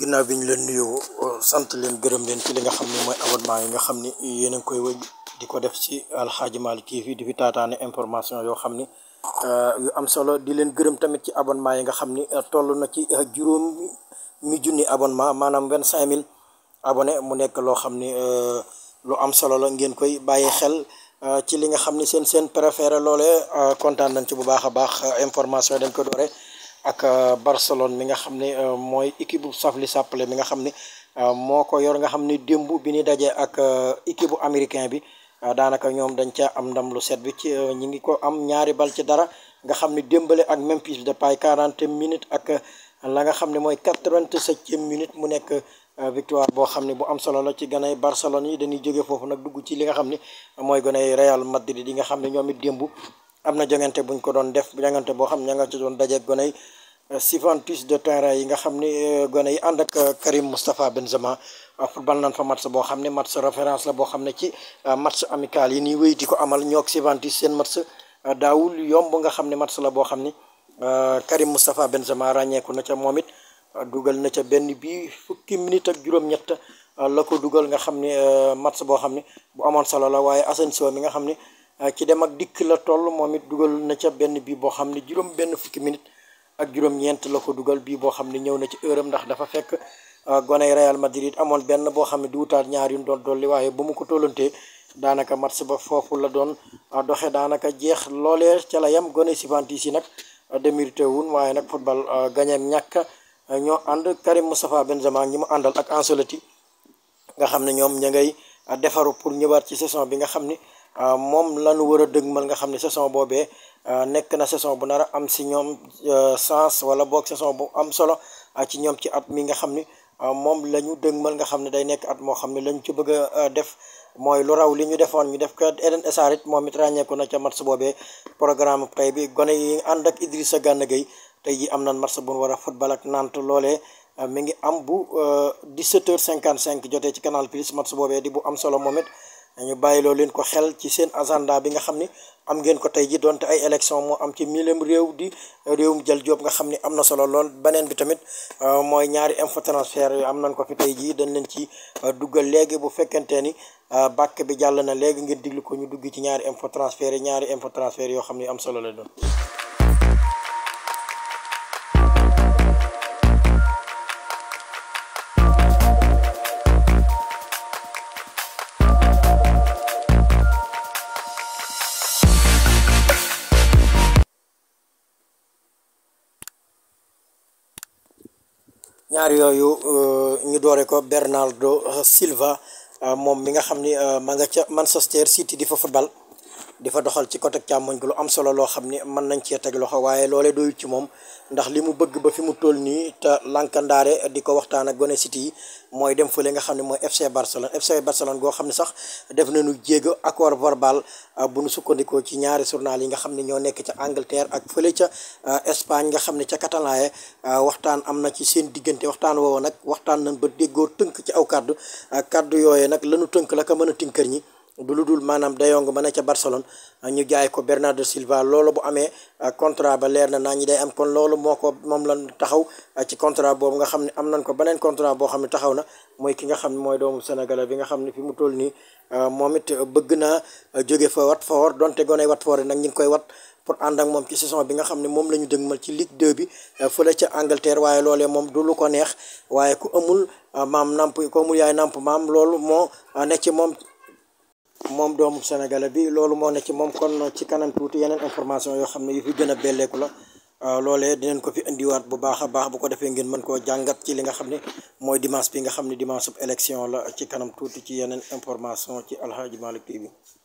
ginnaaw bi ñu leen nuyoo sant leen gërëm leen ci li nga xam ne mooy abonnement yi nga xam ni yéen a koy wëj di ko def ci Aladji Malick TV di fi taataane information yoo xam ni euh, yu am solo di leen gërëm tamit ci abonnement yi nga xam ni euh, toll na ci euh, juróom mi junni abonnement maanaam vingt cinq mille abone mu nekk loo xam ni lu am solo la ngeen koy bàyyi xel ci li nga xam ni seen seen préféré loole kontaan nañ ci bu baax a baax information dañ ko doore ak euh, Barcelone mi nga xam ne euh, mooy équipe bu Safli Sappalé mi nga xam ne euh, moo ko yor nga xam ni démb bi ñu dajee ak équipe bu américain bi daanaka ñoom dañ ca am ndam lu set bi ci ñi ngi ko am ñaari bal ci dara nga xam ni démbale ak Memphis Depay 40 minutes ak la nga xam ne mooy 87e minute mu nekk victoire boo xam ne bu am solo la ci ganay Barcelone yi dañuy jóge foofu nag dugg ci li nga xam ne mooy ganay Real Madrid yi nga xam ne ñoom démb am na jongante buñ ko doon def jongante boo xam ne ña nga ci doon daje Juventus de terrain yi nga xam ne euh, gone yi ànd ak euh, Karim Moustapha Benzema euh, football nan fa match boo xam ne match référence la boo xam ne ci match amical yi ni wéy di ko amal ñoog Juventus seen match daawul yomb nga xam ne match la boo xam ni Karim Moustapha Benzema ràññeeku na ca moom it dugal na ca benn bi fukki minute ak juróom-ñett la ko dugal nga xam ne match boo xam ne bu amoon solo la waaye Asensio mi nga xam ne ci dem ak dikk la toll moom it dugal na ca benn bii boo xam ne juróom benn fukki minute. ak juróom-ñeent la ko dugal bii boo xam ne ñëw na ci heure am ndax dafa fekk ah, goney Real Madrid amoon benn boo xam ne di wutaat ñaar yu ñu doon dolli waaye bu mu ko tollantee daanaka match ba foofu la doon ah, doxe daanaka jeex loole ca la yem gone Juventus yi nag démérité wun waaye nag football ah, gañeem ñàkk ñoo ànd Karim Moustapha Benzema ñi mu àndal ak Ancelotti nga xam ne ñoom ña ngay defaru pour ñëwaat ci saison bi nga xam ni Euh, moom lañu war a dëgmal nga xam ne saison boobee euh, nekk na saison bu nar a am si ñoom euh, sens wala boog saison bu am solo ci ñoom ci at mi nga xam ni moom la ñu dëgmal nga xam ne day nekk at moo xam ne lañ ci bëgg a def mooy lu raw li ñu defoon ñu def ko Eden Essar moom it ràññeeku na ca match boobee programme tey bi gone yi ànd ak Idrissa Gana Gueye tey ji am nañ match bu ñu war a football ak Nantes loolee mi ngi am bu 17h55 jotee ci Canal Plus match boobee di bu am solo moom dañu bàyyi loo leen ko xel ci seen agenda bi nga xam ni am ngeen ko tey ji donte ay élection moo am ci milim réew di réewum jël joob nga xam ni am na solo lool beneen bi tamit euh, mooy ñaari info transfert yu am nañ ko fi tey jii dañ leen ci euh, duggal léegi bu fekkante ni euh, bàkk bi jàll na léegi ngeen diglu ko ñu dugg ci ñaari info transfert ñaari info transfert yoo xam ni am solo la doon ñaar yooyu euh, ñu doore ko Bernardo Silva euh, moom mi nga xam ni euh, ma nga ca Manchester City di fa football di fa doxal ci côté càmmoñ ko lu am solo loo xam ni mën nañ cee teg loxo waaye loolee doyut ci moom ndax li mu bëgg ba fi mu toll nii te lankandaare di ko waxtaan ak gone City yi mooy dem fële nga xam ne mooy FC Barcelone goo xam ne sax def na nañu jéego accord verbal euh, bu nu sukkandikoo ci ñaari journal yi nga xam ne ñoo nekk ca Angleterre ak fële ca euh, Espagne nga xam ne ca Catalan yi euh, waxtaan am na ci seen diggante waxtaan woowu nag waxtaan nañ ba déggoo tënk ci aw kàddu kàddu yooyee nag lañu tënk la mën a tinkër ñi bu lu dul maanaam dayong ma ne ca Barcelone ñu jaay ko Bernardo Silva loolu bu amee contrat ba leer na naa ñi day am kon loolu moo ko moom lan taxaw ci contrat boobu nga xam ne am nañ ko beneen contrat boo xam ne taxaw na mooy ki nga xam ne mooy doomu Sénégal bi nga xam ne fi mu toll nii moom it bëgg naa jóge fa Watford donte gone nag ñu ngi koy wat pour ànd moom ci saison bi nga xam ne moom la ñu dëgmal ci Ligue 2 bi fële Angleterre waaye loolee moom du ko neex waaye ku amul maam namp ko amul yaay namp maam loolu moo a ci moom moom doomu sénégalais bi loolu moo ne ci moom kon ci kanam tuuti yeneen information yoo xam ne yu fi gën a belleeku la euh, loolee dinañ ko fi indiwaat bu baax a baax bu ko defee ngeen mën koo jàngat ci li nga xam ne mooy dimanche bi nga xam ne dimanche sub élection la ci kanam tuuti ci yeneen information ci Aladji Malick TV bi